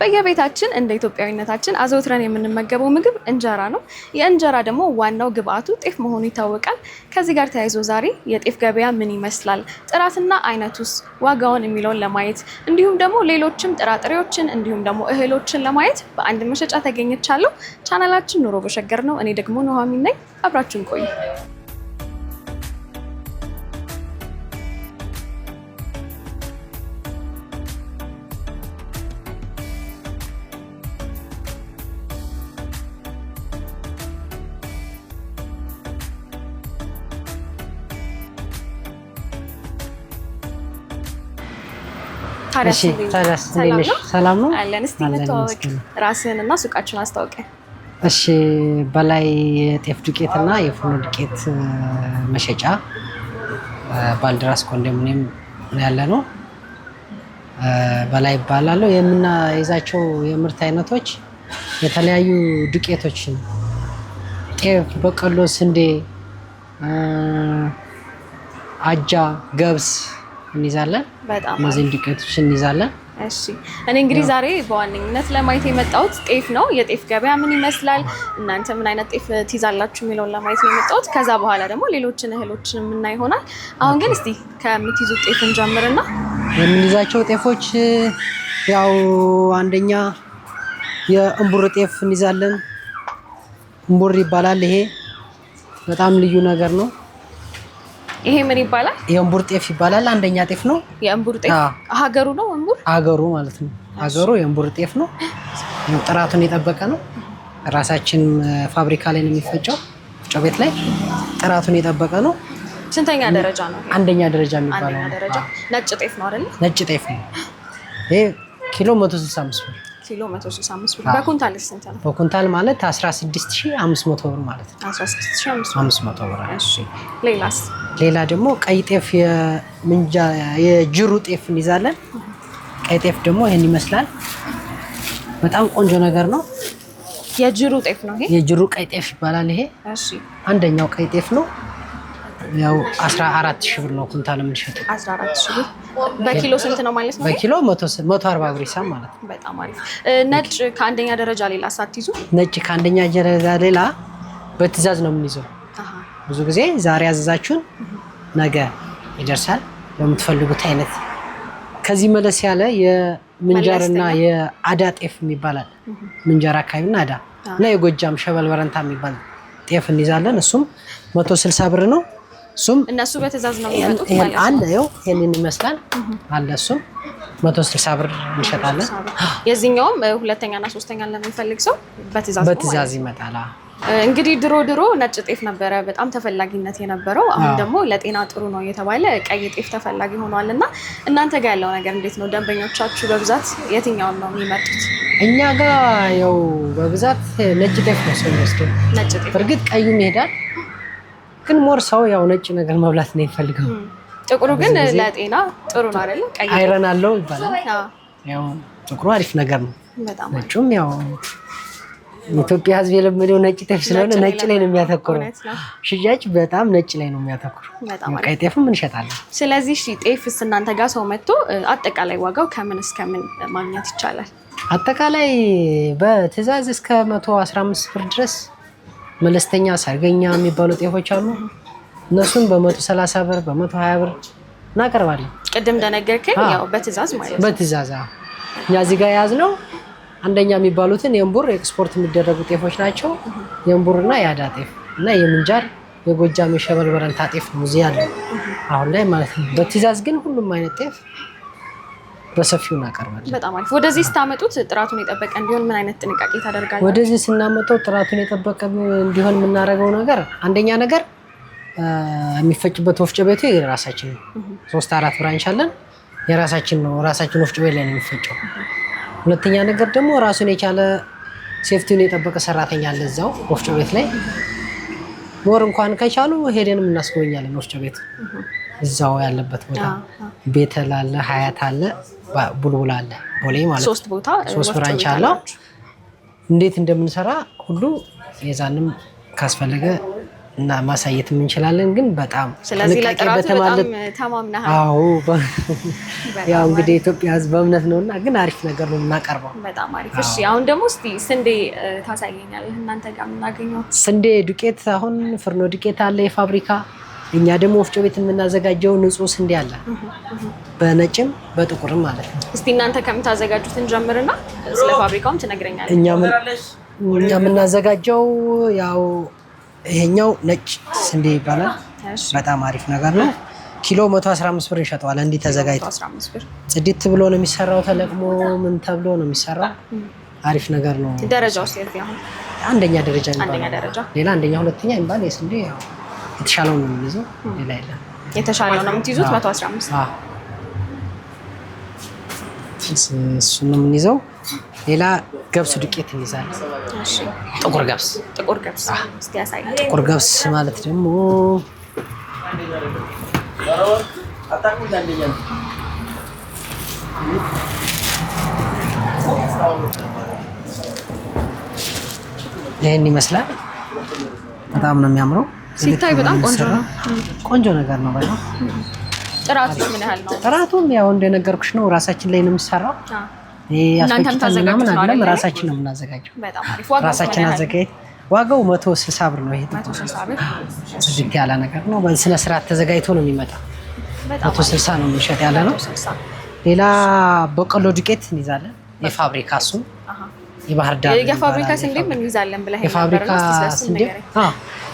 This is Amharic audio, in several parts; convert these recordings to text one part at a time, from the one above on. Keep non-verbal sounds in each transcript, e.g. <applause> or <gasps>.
በየቤታችን እንደ ኢትዮጵያዊነታችን አዘውትረን የምንመገበው ምግብ እንጀራ ነው። የእንጀራ ደግሞ ዋናው ግብአቱ ጤፍ መሆኑ ይታወቃል። ከዚህ ጋር ተያይዞ ዛሬ የጤፍ ገበያ ምን ይመስላል፣ ጥራትና አይነቱስ፣ ዋጋውን የሚለውን ለማየት እንዲሁም ደግሞ ሌሎችም ጥራጥሬዎችን እንዲሁም ደግሞ እህሎችን ለማየት በአንድ መሸጫ ተገኝቻለሁ። ቻናላችን ኑሮ በሸገር ነው። እኔ ደግሞ ኑሃሚን ነኝ። አብራችን ቆዩ። ሰላም ነው አለን። እስቲ እንተዋወቅ፣ ራስህን እና ሱቃችሁን እሺ፣ በላይ የጤፍ ዱቄት እና ዱቄት መሸጫ ባልደራስ ኮንዶሚኒየም ያለ ነው። በላይ ይባላለሁ። የምናይዛቸው የምርት አይነቶች የተለያዩ ዱቄቶች ጤፍ፣ በቀሎ ስንዴ፣ አጃ፣ ገብስ እንይዛለን። ማዜም ዱቄቶች እንይዛለን። እሺ እኔ እንግዲህ ዛሬ በዋነኝነት ለማየት የመጣሁት ጤፍ ነው። የጤፍ ገበያ ምን ይመስላል፣ እናንተ ምን አይነት ጤፍ ትይዛላችሁ የሚለውን ለማየት ነው የመጣሁት። ከዛ በኋላ ደግሞ ሌሎችን እህሎችን የምና ይሆናል። አሁን ግን እስቲ ከምትይዙት ጤፍ እንጀምርና የምንይዛቸው ጤፎች ያው አንደኛ የእምቡር ጤፍ እንይዛለን። እምቡር ይባላል። ይሄ በጣም ልዩ ነገር ነው። ይሄ ምን ይባላል? የእንቡር ጤፍ ይባላል። አንደኛ ጤፍ ነው። የእንቡር ጤፍ ሀገሩ ነው። እንቡር ሀገሩ ማለት ነው። ሀገሩ የእንቡር ጤፍ ነው። ጥራቱን የጠበቀ ነው። ራሳችን ፋብሪካ ላይ ነው የሚፈጨው፣ ወፍጮ ቤት ላይ። ጥራቱን የጠበቀ ነው። ስንተኛ ደረጃ ነው? አንደኛ ደረጃ የሚባለው ነጭ ጤፍ ነው አይደል? ነጭ ጤፍ ነው። ይሄ ኪሎ 165 ብር ኪሎ 165 ብር። በኩንታል ስንት ነው? በኩንታል ማለት 16500 ብር ማለት ነው። 16500 ብር። እሺ ሌላስ? ሌላ ደግሞ ቀይ ጤፍ የምንጃ የጅሩ ጤፍ እንይዛለን። ቀይ ጤፍ ደግሞ ይህን ይመስላል። በጣም ቆንጆ ነገር ነው። የጅሩ ጤፍ ነው ይሄ። የጅሩ ቀይ ጤፍ ይባላል ይሄ። እሺ አንደኛው ቀይ ጤፍ ነው። ያው 14 ሺህ ብር ነው ኩንታል የምንሸጠው። 14 ሺህ ብር በኪሎ ስንት ነው ማለት ነው? በኪሎ 140 ብር ሂሳብ ማለት ነው። በጣም አሪፍ። ነጭ ከአንደኛ ደረጃ ሌላ ሳትይዙ? ነጭ ከአንደኛ ደረጃ ሌላ በትዕዛዝ ነው የምንይዘው ብዙ ጊዜ ዛሬ ያዘዛችሁን ነገ ይደርሳል በምትፈልጉት አይነት። ከዚህ መለስ ያለ የምንጃርና የአዳ ጤፍ የሚባላል ምንጃር አካባቢና አዳ እና የጎጃም ሸበል በረንታ የሚባል ጤፍ እንይዛለን። እሱም መቶ ስልሳ ብር ነው። እሱም እነሱ በትዕዛዝ ነው የሚመጡት ይመስላል አለ። እሱም መቶ ስልሳ ብር እንሸጣለን። የዚህኛውም ሁለተኛና ሶስተኛን ለምንፈልግ ሰው በትዕዛዝ ይመጣል። እንግዲህ ድሮ ድሮ ነጭ ጤፍ ነበረ በጣም ተፈላጊነት የነበረው። አሁን ደግሞ ለጤና ጥሩ ነው የተባለ ቀይ ጤፍ ተፈላጊ ሆኗል። እና እናንተ ጋር ያለው ነገር እንዴት ነው? ደንበኞቻችሁ በብዛት የትኛውን ነው የሚመርጡት? እኛ ጋር ያው በብዛት ነጭ ጤፍ ነው ሰው የሚወስደው። ነጭ ጤፍ እርግጥ ቀዩም ይሄዳል፣ ግን ሞር ሰው ያው ነጭ ነገር መብላት ነው የሚፈልገው። ጥቁሩ ግን ለጤና ጥሩ ነው አይደለም? ቀይ አይረን አለው ይባላል። ያው ጥቁሩ አሪፍ ነገር ነው። በጣም ነጩም ያው ኢትዮጵያ ህዝብ የለመደው ነጭ ጤፍ ስለሆነ ነጭ ላይ ነው የሚያተኩረው። ሽያጭ በጣም ነጭ ላይ ነው የሚያተኩረው። ቀይ ጤፍም እንሸጣለን። ስለዚህ ጤፍስ እናንተ ጋር ሰው መጥቶ አጠቃላይ ዋጋው ከምን እስከምን ማግኘት ይቻላል? አጠቃላይ በትዕዛዝ እስከ 115 ብር ድረስ መለስተኛ፣ ሰርገኛ የሚባሉ ጤፎች አሉ። እነሱን በ130 ብር በ120 ብር እናቀርባለን። ቅድም እንደነገርከኝ ያው በትዕዛዝ ማለት ነው። በትዕዛዝ እኛ እዚህ ጋር የያዝነው አንደኛ የሚባሉትን የእምቡር ኤክስፖርት የሚደረጉ ጤፎች ናቸው። የእምቡርና የአዳ ጤፍ እና የምንጃር የጎጃም የሸበል በረንታ ጤፍ ነው እዚህ ያለው አሁን ላይ ማለት ነው። በትዕዛዝ ግን ሁሉም አይነት ጤፍ በሰፊው እናቀርባለን። በጣም አሪፍ። ወደዚህ ስታመጡት ጥራቱን የጠበቀ እንዲሆን ምን አይነት ጥንቃቄ ታደርጋለ? ወደዚህ ስናመጣው ጥራቱን የጠበቀ እንዲሆን የምናደርገው ነገር አንደኛ ነገር የሚፈጭበት ወፍጮ ቤቱ የራሳችን ነው። ሶስት አራት ብራንች አለን። የራሳችን ነው። ራሳችን ወፍጮ ቤት ላይ ነው የሚፈጨው ሁለተኛ ነገር ደግሞ ራሱን የቻለ ሴፍቲውን የጠበቀ ሰራተኛ አለ እዛው ወፍጮ ቤት ላይ። ወር እንኳን ከቻሉ ሄደንም እናስጎበኛለን ወፍጮ ቤት እዛው ያለበት ቦታ ቤተል ላለ ሀያት አለ፣ ቡልቡል አለ፣ ቦሌ ማለት ሶስት ቦታ ሶስት ብራንች አለው። እንዴት እንደምንሰራ ሁሉ የዛንም ካስፈለገ እና ማሳየትም እንችላለን። ግን በጣም ስለዚህ ለጥራቱ በጣም አዎ ያው እንግዲህ የኢትዮጵያ ሕዝብ በእምነት ነውና፣ ግን አሪፍ ነገር ነው የምናቀርበው። በጣም አሪፍ። እሺ፣ አሁን ደግሞ እስቲ ስንዴ ታሳየኛለህ፣ እናንተ ጋር የምናገኘው ስንዴ ዱቄት። አሁን ፍርኖ ዱቄት አለ የፋብሪካ። እኛ ደግሞ ወፍጮ ቤት የምናዘጋጀው ንጹህ ስንዴ አለ፣ በነጭም በጥቁርም ማለት ነው። እስቲ እናንተ ከምታዘጋጁት እንጀምርና ስለ ፋብሪካውም ትነግረኛለህ። እኛ የምናዘጋጀው ያው ይሄኛው ነጭ ስንዴ ይባላል። በጣም አሪፍ ነገር ነው። ኪሎ 115 ብር ይሸጠዋል። እንዲህ ተዘጋጅቶ ጽድት ብሎ ነው የሚሰራው። ተለቅሞ ምን ተብሎ ነው የሚሰራው? አሪፍ ነገር ነው። ደረጃው አንደኛ ደረጃ ይባላል። ሌላ አንደኛ፣ ሁለተኛ ይባል። የስንዴ ያው የተሻለውን ነው የምንይዘው። ሌላ የለም። የተሻለው ነው የምትይዙት። 115 አዎ፣ እሱን ነው የምንይዘው። ሌላ ገብስ ዱቄት እንይዛለን። ጥቁር ገብስ ጥቁር ገብስ ጥቁር ገብስ ማለት ደግሞ ይህን ይመስላል። በጣም ነው የሚያምረው። ሲታይ በጣም ቆንጆ ነው። ቆንጆ ነገር ነው። በጣም ጥራቱ ምን ያህል ነው? ጥራቱም ያው እንደነገርኩሽ ነው። ራሳችን ላይ ነው የሚሰራው ምናምን አይደለም ራሳችን ነው የምናዘጋጀው። ራሳችን አዘጋጅ ዋጋው መቶ ስልሳ ብር ነው። ይሄ ዝግ ያለ ነገር ነው። በስነ ስርዓት ተዘጋጅቶ ነው የሚመጣ። መቶ ስልሳ ነው የሚሸጥ ያለ ነው። ሌላ በቆሎ ዱቄት እንይዛለን። የፋብሪካ እሱ የባህር ዳር የፋብሪካ ስንዴም እንይዛለን ብለህ የፋብሪካ ስንዴ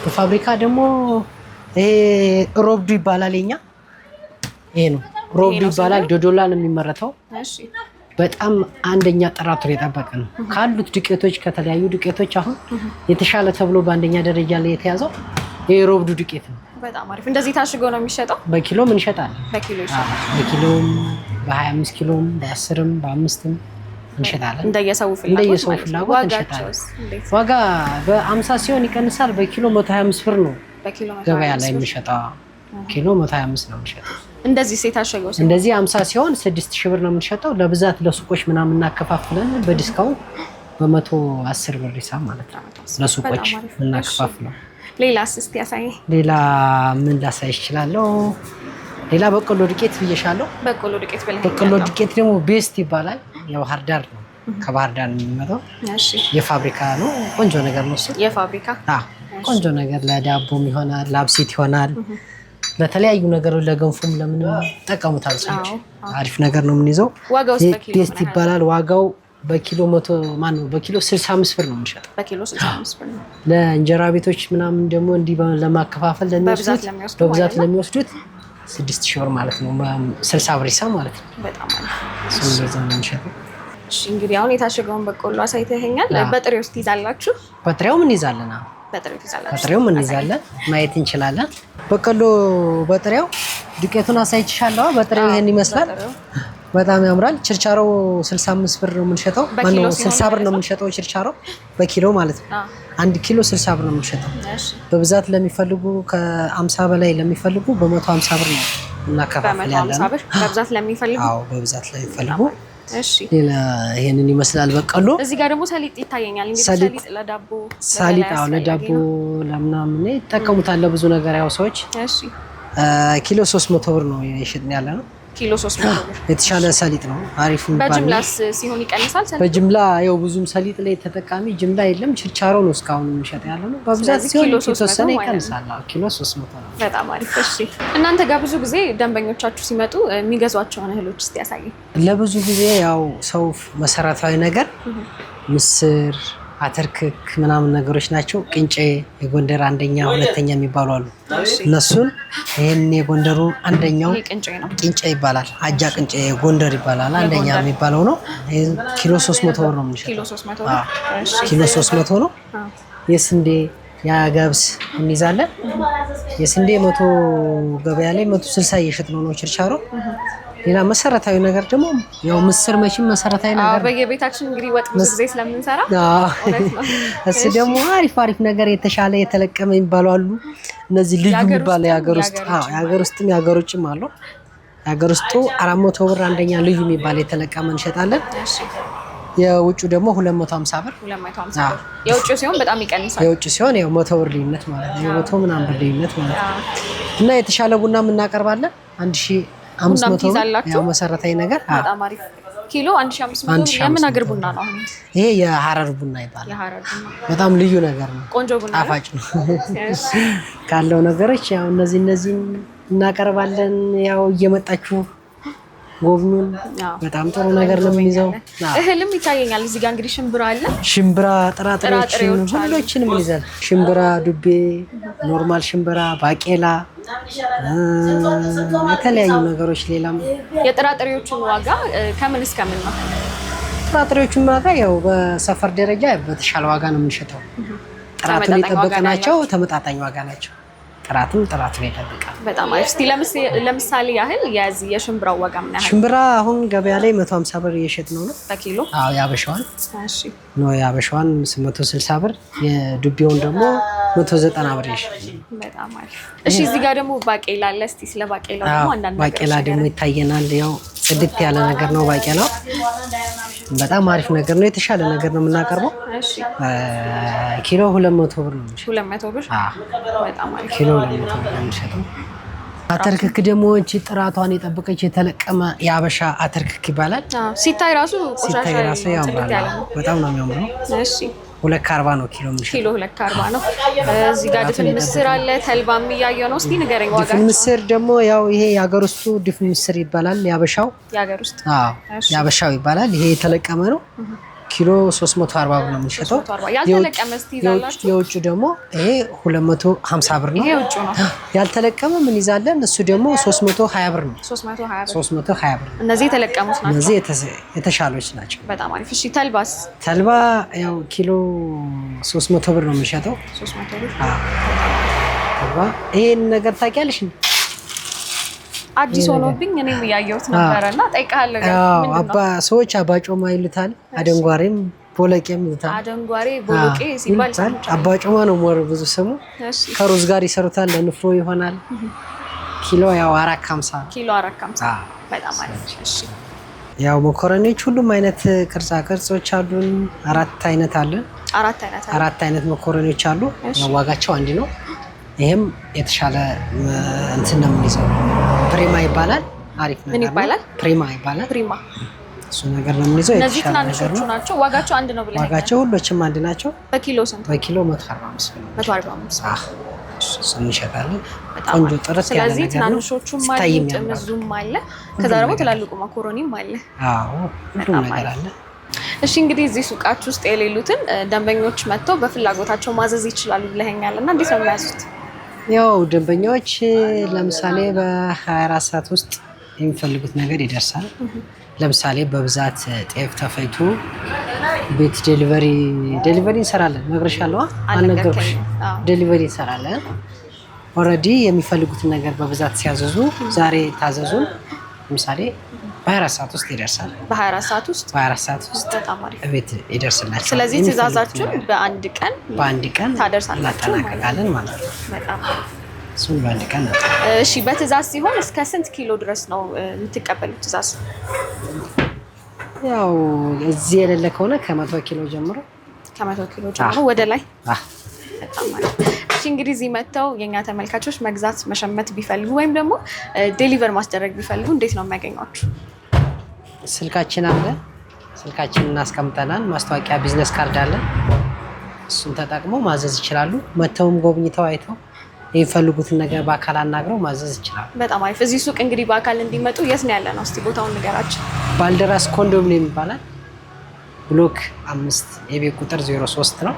የፋብሪካ ደግሞ ይሄ ሮብዱ ይባላል። የኛ ይሄ ነው ሮብዱ ይባላል። ዶዶላ ነው የሚመረተው። በጣም አንደኛ ጥራቱን የጠበቀ ነው። ካሉት ዱቄቶች ከተለያዩ ዱቄቶች አሁን የተሻለ ተብሎ በአንደኛ ደረጃ ላይ የተያዘው የሮብዱ ዱቄት ነው። በጣም አሪፍ። እንደዚህ ታሽጎ ነው የሚሸጠው። በኪሎም እንሸጣለን። በኪሎም በ25 ኪሎም በ10ም በአምስትም እንሸጣለን። እንደየሰው ፍላጎት እንሸጣለን። ዋጋ በ50 ሲሆን ይቀንሳል። በኪሎ 125 ብር ነው ገበያ ላይ የሚሸጠው። ኪሎ 125 ነው የሚሸጠው። እንደዚህ ሴት አሸገው እንደዚህ 50 ሲሆን 6000 ብር ነው የምንሸጠው። ለብዛት ለሱቆች ምናምን እናከፋፍለን በዲስካውንት በመቶ አስር ብር ሂሳብ ማለት ነው። ለሱቆች እናከፋፍለን። ሌላ እስኪ ያሳይ። ሌላ ምን ላሳይ እችላለሁ? ሌላ በቆሎ ዱቄት ብዬሻለሁ። በቆሎ ዱቄት ብለህ በቆሎ ዱቄት ደግሞ ቤስት ይባላል። ያው ባህር ዳር ነው፣ ከባህር ዳር የሚመጣው የፋብሪካ ነው። ቆንጆ ነገር ነው እሱ የፋብሪካ ቆንጆ ነገር ለዳቦም ይሆናል፣ ላብሲት ይሆናል ለተለያዩ ነገሮች ለገንፎም ለምን ጠቀሙታል። ሰዎች። አሪፍ ነገር ነው የምንይዘው። ቴስት ይባላል። ዋጋው በኪሎ መቶ ማን ነው? በኪሎ 65 ብር ነው የሚሸጠው። <gasps> ለእንጀራ ቤቶች ምናምን ደግሞ እንዲህ ለማከፋፈል ለሚወስዱት በብዛት ለሚወስዱት ስድስት ሺህ ብር ማለት ነው። ስልሳ ብር ይሳ ማለት ነው። በጣም ነው እሺ እንግዲህ አሁን የታሸገውን በቆሎ አሳይተኸኛል። በጥሬው ውስጥ ይዛላችሁ? በጥሬው ምን ይዛለና በጥሬውም እንይዛለን ማየት እንችላለን። በቆሎ በጥሬው ዱቄቱን አሳይችሻለዋ። በጥሬው ይሄን ይመስላል። በጣም ያምራል። ችርቻሮ 65 ብር ነው የምንሸጠው። ማነው 60 ብር ነው የምንሸጠው ችርቻሮ በኪሎ ማለት ነው። አንድ ኪሎ 60 ብር ነው የምንሸጠው። በብዛት ለሚፈልጉ ከ50 በላይ ለሚፈልጉ በ150 ብር ነው እናከፋፍል ያለ ነው። በብዛት ለሚፈልጉ ሌላ ይሄንን ይመስላል በቀሎ። እዚህ ጋር ደግሞ ሰሊጥ ይታየኛል። ሰሊጥ ለዳቦ ለዳቦ ለምናምን ይጠቀሙታል ለብዙ ነገር ያው ሰዎች። ኪሎ 300 ብር ነው የሸጥን ያለ ነው። ኪሎ 300 ብር የተሻለ ሰሊጥ ነው። አሪፉ በጅምላስ ሲሆን ይቀንሳል። በጅምላ ያው ብዙም ሰሊጥ ላይ ተጠቃሚ ጅምላ የለም። ችርቻሮ ነው እስካሁን የሚሸጥ ያለ ነው። በብዛት ሲሆን የተወሰነ ይቀንሳል። ኪሎ 300 ነው። በጣም አሪፍ። እሺ፣ እናንተ ጋር ብዙ ጊዜ ደንበኞቻችሁ ሲመጡ የሚገዟቸውን እህሎች እስቲ ያሳየኝ። ለብዙ ጊዜ ያው ሰው መሰረታዊ ነገር ምስር አተርክክ ምናምን ነገሮች ናቸው። ቅንጨ የጎንደር አንደኛ ሁለተኛ የሚባሉ አሉ። እነሱን ይህን የጎንደሩ አንደኛው ቅንጨ ይባላል። አጃ ቅንጨ የጎንደር ይባላል። አንደኛ የሚባለው ነው። ኪሎ ሶስት መቶ ብር ነው የምንሸጠው። ኪሎ ሶስት መቶ ነው። የስንዴ የገብስ እንይዛለን። የስንዴ መቶ ገበያ ላይ መቶ ስልሳ ነው ነው ችርቻሮ ሌላ መሰረታዊ ነገር ደግሞ ያው ምስር መቼም መሰረታዊ ነገር በየቤታችን እንግዲህ ወጥ ብዙ ጊዜ ስለምንሰራ <laughs> እሱ ደግሞ አሪፍ አሪፍ ነገር የተሻለ የተለቀመ የሚባሉ አሉ። እነዚህ ልዩ የሚባለ የሀገር ውስጥ የሀገር ውስጥም የሀገር ውጭም አሉ። የሀገር ውስጡ አራት መቶ ብር አንደኛ ልዩ የሚባል የተለቀመ እንሸጣለን። የውጩ ደግሞ ሁለት መቶ ሀምሳ ብር የውጩ ሲሆን በጣም ይቀንሳል። የውጩ ሲሆን ያው መቶ ብር ልዩነት ማለት ነው። የመቶ ምናምን ብር ልዩነት ማለት ነው። እና የተሻለ ቡናም እናቀርባለን አንድ ሺህ አምስት መቶ ያው መሰረታዊ ኪሎ አንድ አምስት መቶ የምን ቡና ነው? ይሄ ቡና ይባላል። በጣም ልዩ ነገር ነው። ቆንጆ ቡና ጣፋጭ ነው ካለው ነገሮች ያው እነዚህ እናቀርባለን። ያው እየመጣችሁ ጎብኙን። በጣም ጥሩ ነገር ነው የምንይዘው። እህልም ይታየኛል እዚህ ጋር እንግዲህ ሽምብራ አለ። ሽምብራ፣ ጥራጥሬዎችን ሁሎችንም ይዘን ሽምብራ፣ ዱቤ፣ ኖርማል ሽምብራ፣ ባቄላ፣ የተለያዩ ነገሮች ሌላም። የጥራጥሬዎቹን ዋጋ ከምን እስከምን ነው? ጥራጥሬዎቹን ዋጋ ያው በሰፈር ደረጃ በተሻለ ዋጋ ነው የምንሸጠው። ጥራቱን የጠበቀ ናቸው። ተመጣጣኝ ዋጋ ናቸው። ጥራትም ጥራትን ይጠብቃል። በጣም አሪፍ። እስቲ ለምሳሌ ያህል የዚህ የሽምብራው ዋጋ ምን ያህል? ሽምብራ አሁን ገበያ ላይ 150 ብር እየሸጥ ነው ነው በኪሎ። አዎ ያበሻዋን ነው ያበሻዋን 160 ብር፣ የዱቤውን ደግሞ 190 ብር እየሸጥ ነው። በጣም አሪፍ። እሺ እዚህ ጋር ደግሞ ባቄላ አለ። እስቲ ስለ ባቄላ ደግሞ አንዳንድ ነገር ባቄላ ደግሞ ይታየናል ያው ጽድት ያለ ነገር ነው። ባቄላው በጣም አሪፍ ነገር ነው። የተሻለ ነገር ነው የምናቀርበው። ኪሎ ሁለት መቶ ብር ነው ኪሎ ሁለት መቶ ብር የሚሸጠው አተርክክ ደግሞ እቺ ጥራቷን የጠበቀች የተለቀመ የአበሻ አተርክክ ይባላል። ሲታይ ራሱ ሲታይ ራሱ ያምራል። በጣም ነው የሚያምረው። እሺ ሁለት ከአርባ ነው ኪሎ ኪሎ ሁለት ከአርባ ነው። እዚህ ጋር ድፍን ምስር አለ፣ ተልባም እያየሁ ነው። እስኪ ንገረኝ ዋጋ። ድፍን ምስር ደግሞ ያው ይሄ የሀገር ውስጡ ድፍን ምስር ይባላል። ያበሻው ያበሻው ይባላል። ይሄ የተለቀመ ነው ኪሎ 340 ብር ነው የሚሸጠው። የውጭ ደግሞ ይሄ 250 ብር ነው። ያልተለቀመ ምን ይዛለን? እሱ ደግሞ 320 ብር ነው። 320 ብር እነዚህ የተለቀሙት ናቸው። እነዚህ የተሻሎች ናቸው። በጣም አሪፍ። እሺ ተልባስ? ተልባ ያው ኪሎ 300 ብር ነው የሚሸጠው። 300 ብር። አዎ፣ ተልባ ይሄን ነገር ታውቂያለሽ? አዲስ ሆኖብኝ እኔም እያየሁት ነበረና እጠይቅሃለሁ። አባ ሰዎች አባጮማ ይሉታል፣ አደንጓሬም ቦለቄም ይሉታል። አደንጓሬ ቦለቄ ሲባል አባጮማ ነው ሞር ብዙ ስሙ። ከሩዝ ጋር ይሰሩታል፣ ለንፍሮ ይሆናል። ኪሎ ያው አራት ከምሳ ኪሎ አራት ከሀምሳ በጣም አሪፍ። ያው መኮረኒዎች ሁሉም አይነት ቅርጻ ቅርጾች አሉን። አራት አይነት አለን። አራት አይነት መኮረኒዎች አሉ። ዋጋቸው አንድ ነው። ይህም የተሻለ እንትን ነው የምንይዘው ፕሪማ ይባላል። አሪፍ ነገር ምን ይባላል። ፕሪማ ይባላል። ፕሪማ እሱ ነገር ነው የምንይዘው። እነዚህ ትናንሾቹ ናቸው። ዋጋቸው አንድ ነው ብለህ ዋጋቸው ሁሎችም አንድ ናቸው። በኪሎ ስንት? በኪሎ 145 አህ እንሸጣለን። ቆንጆ ጥርት ያለ ነገር ነው። ስለዚህ ትናንሾቹም አለ፣ ጥምዙም አለ፣ ከዛ ደግሞ ትላልቁ ማኮሮኒም አለ። አዎ ሁሉም ነገር አለ። እሺ እንግዲህ እዚህ ሱቃችሁ ውስጥ የሌሉትን ደንበኞች መጥተው በፍላጎታቸው ማዘዝ ይችላሉ ብለኸኛል እና እንዴት ነው የሚያዙት? ያው ደንበኞች ለምሳሌ በ24 ሰዓት ውስጥ የሚፈልጉት ነገር ይደርሳል። ለምሳሌ በብዛት ጤፍ ተፈይቶ ቤት ዴሊቨሪ ዴሊቨሪ እንሰራለን። መግረሻ አለዋ አልነገርኩሽ። ዴሊቨሪ እንሰራለን። ኦልሬዲ የሚፈልጉትን ነገር በብዛት ሲያዘዙ ዛሬ ታዘዙን ለምሳሌ በ24 ሰዓት ውስጥ ይደርሳል። በ24 ሰዓት ውስጥ በ24 ሰዓት ውስጥ በጣም አሪፍ እቤት ይደርስላችሁ። ስለዚህ ትእዛዛችሁን በአንድ ቀን በአንድ ቀን ታደርሳላችሁ እናጠናቀቃለን ማለት ነው። በጣም እሱን በአንድ ቀን እሺ። በትእዛዝ ሲሆን እስከ ስንት ኪሎ ድረስ ነው የምትቀበሉ ትእዛዝ? ያው እዚህ የሌለ ከሆነ ከመቶ ኪሎ ጀምሮ ከመቶ ኪሎ ጀምሮ ወደ ላይ በጣም አሪፍ እሺ እንግዲህ እዚህ መጥተው የኛ ተመልካቾች መግዛት መሸመት ቢፈልጉ ወይም ደግሞ ዴሊቨር ማስደረግ ቢፈልጉ እንዴት ነው የሚያገኟችሁ? ስልካችን አለ፣ ስልካችን እናስቀምጠናል። ማስታወቂያ ቢዝነስ ካርድ አለ። እሱን ተጠቅመው ማዘዝ ይችላሉ። መተውም ጎብኝተው አይተው የሚፈልጉትን ነገር በአካል አናግረው ማዘዝ ይችላሉ። በጣም አሪፍ። እዚህ ሱቅ እንግዲህ በአካል እንዲመጡ የት ነው ያለ ነው? እስቲ ቦታውን ንገራችን። ባልደራስ ኮንዶሚኒየም ይባላል። ብሎክ አምስት የቤት ቁጥር 03 ነው።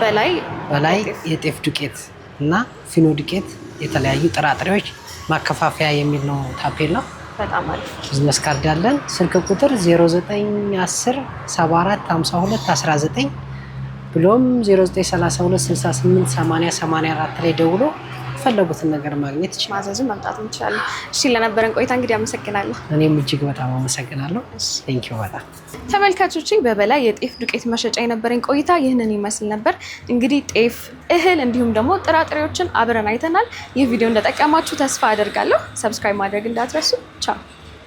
በላይ በላይ የጤፍ ዱቄት እና ፊኖ ዱቄት የተለያዩ ጥራጥሬዎች ማከፋፈያ የሚል ነው ታፔላ። ቢዝነስ ካርድ ያለን ስልክ ቁጥር 0910 74 ብሎም 0932 ላይ ደውሎ የፈለጉትን ነገር ማግኘት ይችላል። ማዘዝም መምጣት እንችላለን። እሺ፣ ለነበረን ቆይታ እንግዲህ አመሰግናለሁ። እኔም እጅግ በጣም አመሰግናለሁ። ቴንኪው በጣም ተመልካቾች፣ በበላይ የጤፍ ዱቄት መሸጫ የነበረኝ ቆይታ ይህንን ይመስል ነበር። እንግዲህ ጤፍ፣ እህል እንዲሁም ደግሞ ጥራጥሬዎችን አብረን አይተናል። ይህ ቪዲዮ እንደጠቀማችሁ ተስፋ አደርጋለሁ። ሰብስክራይብ ማድረግ እንዳትረሱ። ቻው